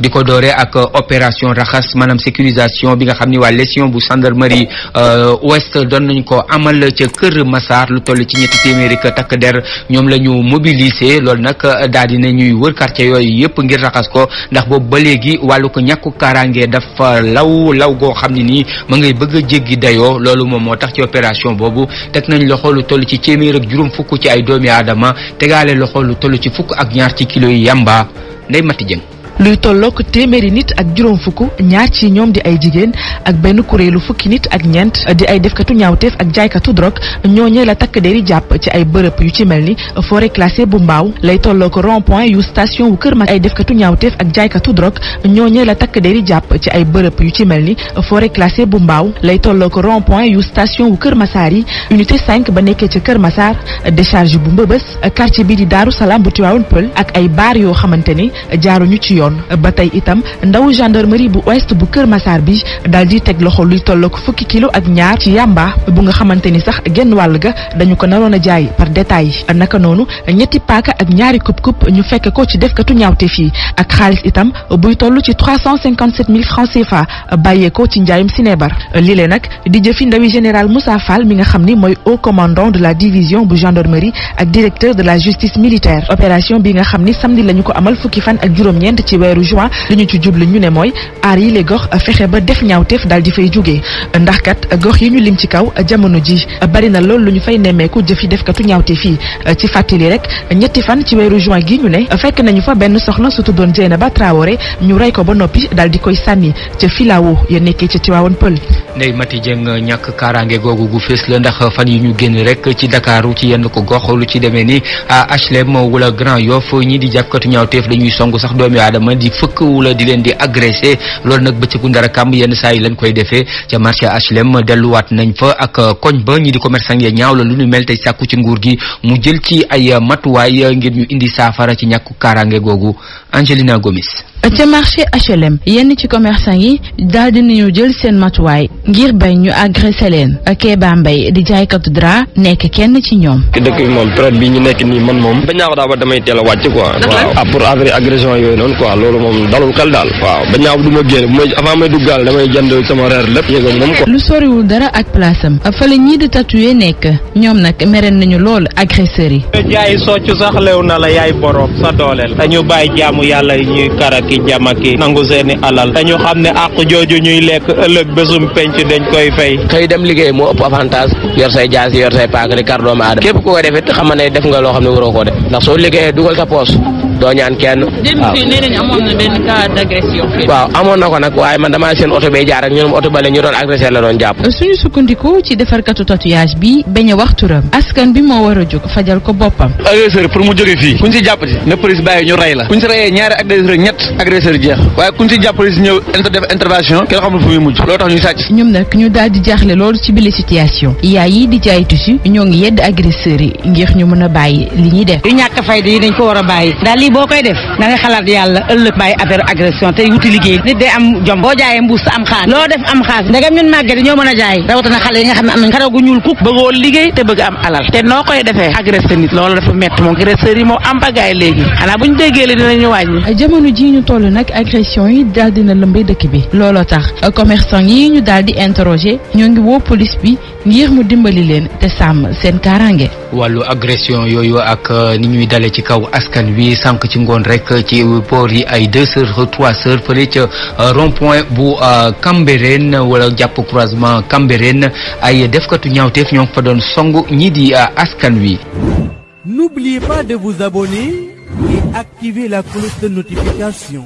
di ko dooree ak euh, opération raxas maanaam sécurisation bi nga xam ni waa lession bu gendarmerie euh, ouest doon nañ ko amal ca Kër Massar lu toll ci ñetti téeméeri takk der ñoom la ñu mobiliser loolu nag euh, daal di ñuy wër quartier yooyu yëpp ngir raxas ko ndax boobu ba léegi wàllu ko ñàkku kaaraange dafa law law goo xam ne nii ma ngay bëgg a jéggi dayoo loolu moom moo tax ci opération boobu teg nañ loxo lu toll ci téeméer juróom fukk ci ay doomi aadama tegaale loxo lu toll ci fukk ak ñaar ci kilo yi yamba nday mati jëng luy tollook téeméeri nit ak juróom fukk ñaar ci ñoom di ay jigéen ak benn kuréelu fukki nit ak ñeent di ay defkatu ñaawteef ak jaaykatu drogue ñooñee la takk deri jàpp ci ay bërëb yu ci mel ni forêt classée bu mbaaw lay tolloo rond point yu station wu kër ma ay defkatu ñaawteef ak jaaykatu drogue ñooñee la takk deri jàpp ci ay bërëb yu ci mel ni forêt classée bu mbaaw lay tollook rond point yu station wu kër Masaar yi unité 5 ba nekkee ca kër Masaar décharge bu mbëbës quartier bi di Daaru Salaam bu Tiwaawoon Pël ak ay baar yoo xamante ni jaaruñu ci yoon yoon ba itam ndaw gendarmerie bu ouest bu keur Massar bi daal di loxo luy tolloog fukki kilo ak ñaar ci yamba bu nga xamanteni sax genn ga dañu ko par détail naka nonu ñetti paaka ak ñaari coupe coupe ñu fekk ko ci katu ñaawte fi ak itam buy tollu ci trois cent francs CFA ko ci njaayum Sinébar lilé nak di jëfi ndawi général Moussa Fall mi nga xamni moy haut commandant de la division bu gendarmerie ak directeur de la justice militaire opération bi nga xamni samedi lañu ko amal fukki fan ak juroom ñent ci weeru join li ñu ci jublu ñu ne mooy aar yi les gox fexe ba def ñaawteef daal di fay jóge ndax kat gox yi ñu lim ci kaw jamono ji bari na lool lu ñu fay nemmeeku jëfi defkatu ñaawteef fii ci fàttali rek ñetti fan ci weeru join gi ñu ne fekk nañu fa benn soxna su tuddoon Dieynaba Traoré ñu rey ko ba noppi daal di koy sànni ca filao ya nekkee ca Tivaouane Peulh Ndey Mati jeng eh, ñak karange gogu gu fess le ndax eh, fan yi ñu genn rek ci dakar ci yenn ko gox lu ci deme ni HLM wala Grand Yoff ñi di jakkatu ñaawteef dañuy songu sax doomi adama di fekk wala di len di agresser lool nak bëccu ndara kam yenn say lañ koy defé ci marché HLM delu wat nañ fa ak eh, koñ ba ñi di commerçant ya ñaaw la lu ñu mel tay sakku ci nguur gi mu jël ci ay ngir ñu indi safara ci ñak karange gogu Angelina Gomis ci marché HLM yenn ci commerçant yi dal di ñu jël sen ngir bañ ñu agressé leen Kéba Mbaye di jaaykatu dra nekk kenn ci ñoom. dëkk bi moom période bi ñu nekk nii man moom. ba ñaaw daaw ba damay teel a wàcc quoi. waaw ah, pour affaire agression yooyu noonu quoi loolu moom dalul xel daal. waaw ba ñaaw du ma génn bu may avant may duggaal damay jënd sama reer lépp yëgal moom quoi. lu soriwul dara ak place am ñii di tatoué nekk ñoom nag mereen nañu lool agresseurs yi. jaay socc sax lew na la yaay borom sa dooleel. dañu bàyyi denc dañ koy fay. xëy dem liggéey moo ëpp avantage yor say jaas yor say paaka di kar doomu aadama képp ku ko defit xam ne def nga xam ne waroo koo ndax soo liggéeyee dugal sa poos doo ñaan kenn. waaw amoon na ko nag waaye man damaa seen oto bay jaar ak ñu doon agressé la doon jàpp. suñu sukkandiku ci defarkatu tatouage bi bañ a askan bi moo war a jóg fajal ko boppam. agresseur pour mu jógee fii kuñ si jàpp si ne police bàyyi ñu rey la kuñ si reyee ñaari agresseur ñett agresseur jeex waaye kuñ si jàpp police ñëw intervention kenn xamul fu muy mujj loolu tax ñu sàcc. ñoom nag ñu daal jaaxle loolu ci bile situation yaay yi a a boo koy def da nga xalaat yàlla ëllëg bàyyi affaire agression tey wuti liggéey nit day am jom boo jaayee mbuus am xaas loo def am xaas ndegam ñun màgget ñoo mën a jaay na xale yi nga xam ne am nañ xaraw gu ñuul kuk te bëgg am alal te noo koy defee agressé nit loolu dafa mett moom agresseur yi moom am bagaay léegi xanaa bu ñu déggee li dinañu wàññi jamono ji ñu toll nag agression yi daal dina lëmbay dëkk bi looloo tax commerçant yi ñu daal di interroger ñoo ngi woo police bi ngir mu dimbali leen te sàmm seen kaaraange wàllu agression yooyu ak euh, ni ñuy dalé ci kaw askan wi sank ci ngone rek ci port yi ay deux heures trois heures fële ci euh, rond point bu euh, Cambérène wala japp croisement Cambérène ay defkatu ñaawteef ñoo ngi fa doon songu ñi di askan wi. N'oubliez pas de vous abonner et activer la cloche de notification.